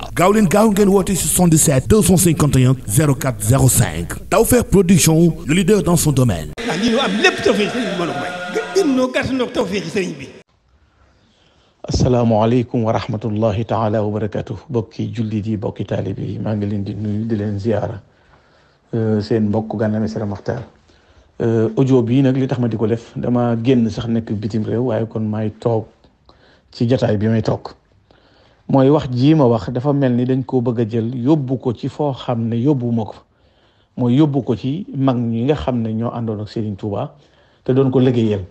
waaw gaaw leen gaaw ngeen woote 77 251 04 05 Tawfekh Production le leader dans son domaine. Ah, am lépp tawfeex sëriñ bi mën a may. gën noo gàtt noo tawfeex sëriñ bi. asalaamaaleykum wa rahmatullahi taala wa barakatuh bokki jullit yi bokki taalibe yi maa ngi leen di nuy di leen ziyaara euh, seen mbokk Gana Messere Maxtaar euh, audio bii nag li tax ma di ko def dama génn sax nekk bitim réew waaye kon maay toog ci jataay bi may toog. mooy wax jii ma wax dafa mel ni dañ koo bëgg a jël yóbbu ko ci foo xam ne yóbbu ma ko mooy yóbbu ko ci mag ñi nga xam ne ñoo àndoon ak sëriñ Touba te doon ko liggéeyal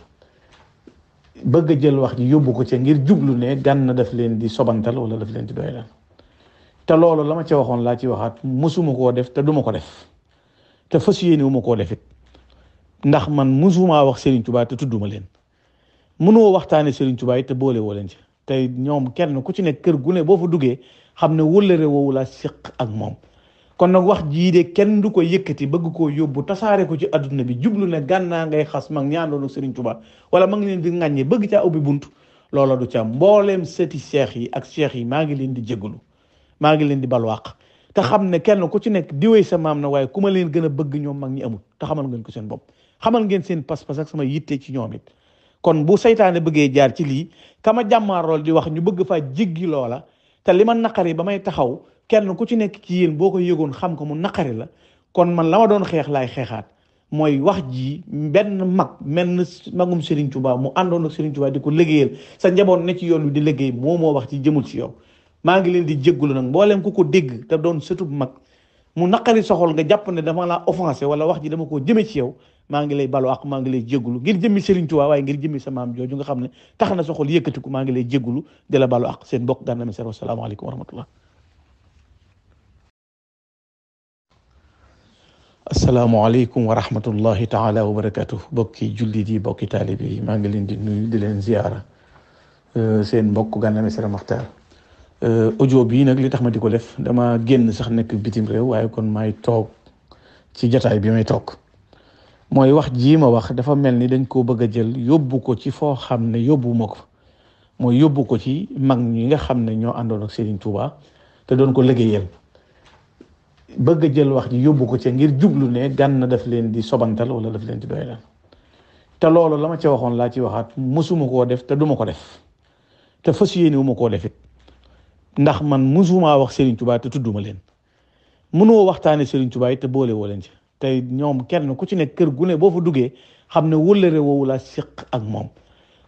bëgg a jël wax ji yóbbu ko ci ngir jublu ne na daf leen di sobantal wala daf leen di doyal te loolu la ma ca waxoon laa ci waxaat mosuma koo def te duma ko def te fas yéene ma koo def it ndax man mosuma wax Serigne Touba te tudduma leen mënoo waxtaane Serigne Touba yi te boole leen ci tey ñoom kenn ku ci nekk kër gune boo fa duggee xam ne wëllëre woowu la séq ak moom kon nag wax jii de kenn du ko yëkkati bëgg koo yóbbu tasaare ko ci adduna bi jublu ne gànnaa ngay xas mag ñaandoonu Serigne Touba wala ma ngi leen di ŋàññe bëgg caa ubbi bunt loola du ca mbooleem seeti seex yi ak seex yi maa ngi leen di jégalu maa ngi leen di balwaq te xam ne kenn ku ci nekk diwee sa maam na waaye ku ma leen gën a bëgg ñoom mag ñi amul te xamal ngeen ko seen bopp xamal ngeen seen pas-pas ak sama yitte ci ñoom it kon bu saytaane bëggee jaar ci lii kama jàmmaarool di wax ñu bëgg faa jiggi loola te li ma naqari ba may taxaw kenn ku ci nekk ci yéen boo ko yëgoon xam ko mu naqari la kon man la ma doon xeex laay xeexaat mooy wax ji benn mag menn magum Serigne Touba mu àndoon ak Serigne ko liggéeyal sa njaboot ne ci yoon wi di liggéey moo moo wax ci jëmul ci yow maa ngi leen di jéggalu nag mbooleem ku ko dégg te doon sëtub mag mu naqari soxool nga jàpp ne dama laa offensé wala wax ji dama ko jëme ci yow maa ngi lay balu ak maa ngi lay jégalu ngir jëmmi Serigne Touba waaye ngir jëmmi sa maam jooju nga xam ne tax na sa xol yëkkatiku maa ngi lay jégalu di la balu ak seen mbokk Gana Messere wasalaamaaleykum wa rahmatullah asalaamaaleykum wa rahmatullahi taala wa barakatuh bokki jullit yi bokki taalib yi maa ngi leen di nuyu di leen ziyaara euh, seen mbokk Gana Messere Maxtaar euh, audio bii nag li tax ma di ko def dama génn sax nekk bitim réew waaye kon maay toog ci jataay bi may toog mooy wax jii ma wax dafa mel ni dañ koo bëgg a jël yóbbu ko ci foo xam ne yóbbuma ma ko mooy yóbbu ko ci mag ñi nga xam ne ñoo àndoon ak Serigne Touba te doon ko liggéeyal bëgg a jël wax ji yóbbu ko ci ngir jublu ne na daf leen di sobantal wala daf leen di doyalal te loolu la ma ca waxoon laa ci waxaat mësuma koo def te duma ko def te fas yéene koo def it ndax man mësumaa wax sëriñ Touba te tudduma leen mënoo waxtaane Serigne Touba it te boole leen ci tey ñoom kenn ku ci nekk kër gu ne boo fa duggee xam ne wëllëre woowu la siq ak moom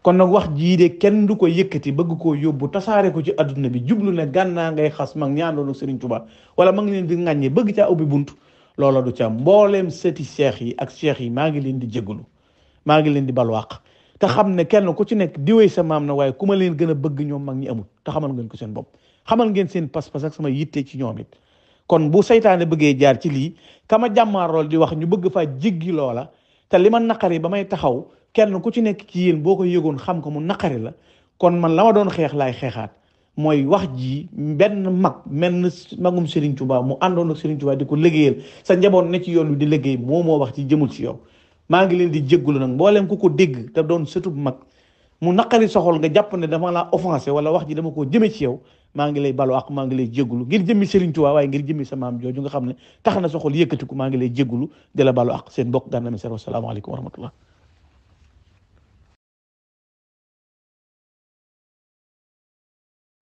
kon nag wax jii de kenn du ko yëkkati bëgg koo yóbbu tasaare ko ci adduna bi jublu ne gànnaa ngay xas mag ñaandoonu Serigne Touba wala ma ngi leen di ŋàññe bëgg caa ubbi bunt loola du ca mbooleem sëti seex yi ak seex yi maa ngi leen di jégalu maa ngi leen di balwaaq te xam ne kenn ku ci nekk diwee sa maam na waaye ku ma leen gën a bëgg ñoom mag ñi amul te xamal ngeen ko seen bopp xamal ngeen seen pas-pas ak sama yitte ci ñoom it kon bu seytaane bëggee jaar ci lii kama jàmmaarool di wax ñu bëgg faa jiggi loola te li ma naqari ba may taxaw kenn ku ci nekk ci yéen boo ko yëgoon xam ko mu naqari la kon man la ma doon xeex xeexaat mooy wax ji benn mag menn magum Serigne Touba mu àndoon ak di ko liggéeyal sa njaboot ne ci yoon wi di liggéey moo moo wax ci jëmul ci yow maa ngi leen di jéggulu nag mbooleem ku ko dégg te doon sëtub mag mu naqari soxool nga jàpp ne dama laa offensé wala wax ji dama koo jëme ci yow maa ngi lay balu ak maa ngi lay jégalu ngir jëmmi Serigne Touba waaye ngir jëmmi sa maam jooju nga xam ne tax na sa xol yëkkatiku maa ngi lay jégalu di la balu ak seen mbokk Gana Messere wasalaamaaleykum wa rahmatullah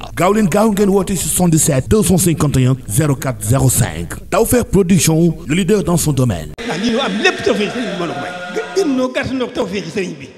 waaw gaaw leen gaaw ngeen woote si 77 251 04 05 Tawfekh Production le leader dans son domaine. ndax ah, am lépp tawfeex ci sëriñ bi mën a may. gën noo gàtt noo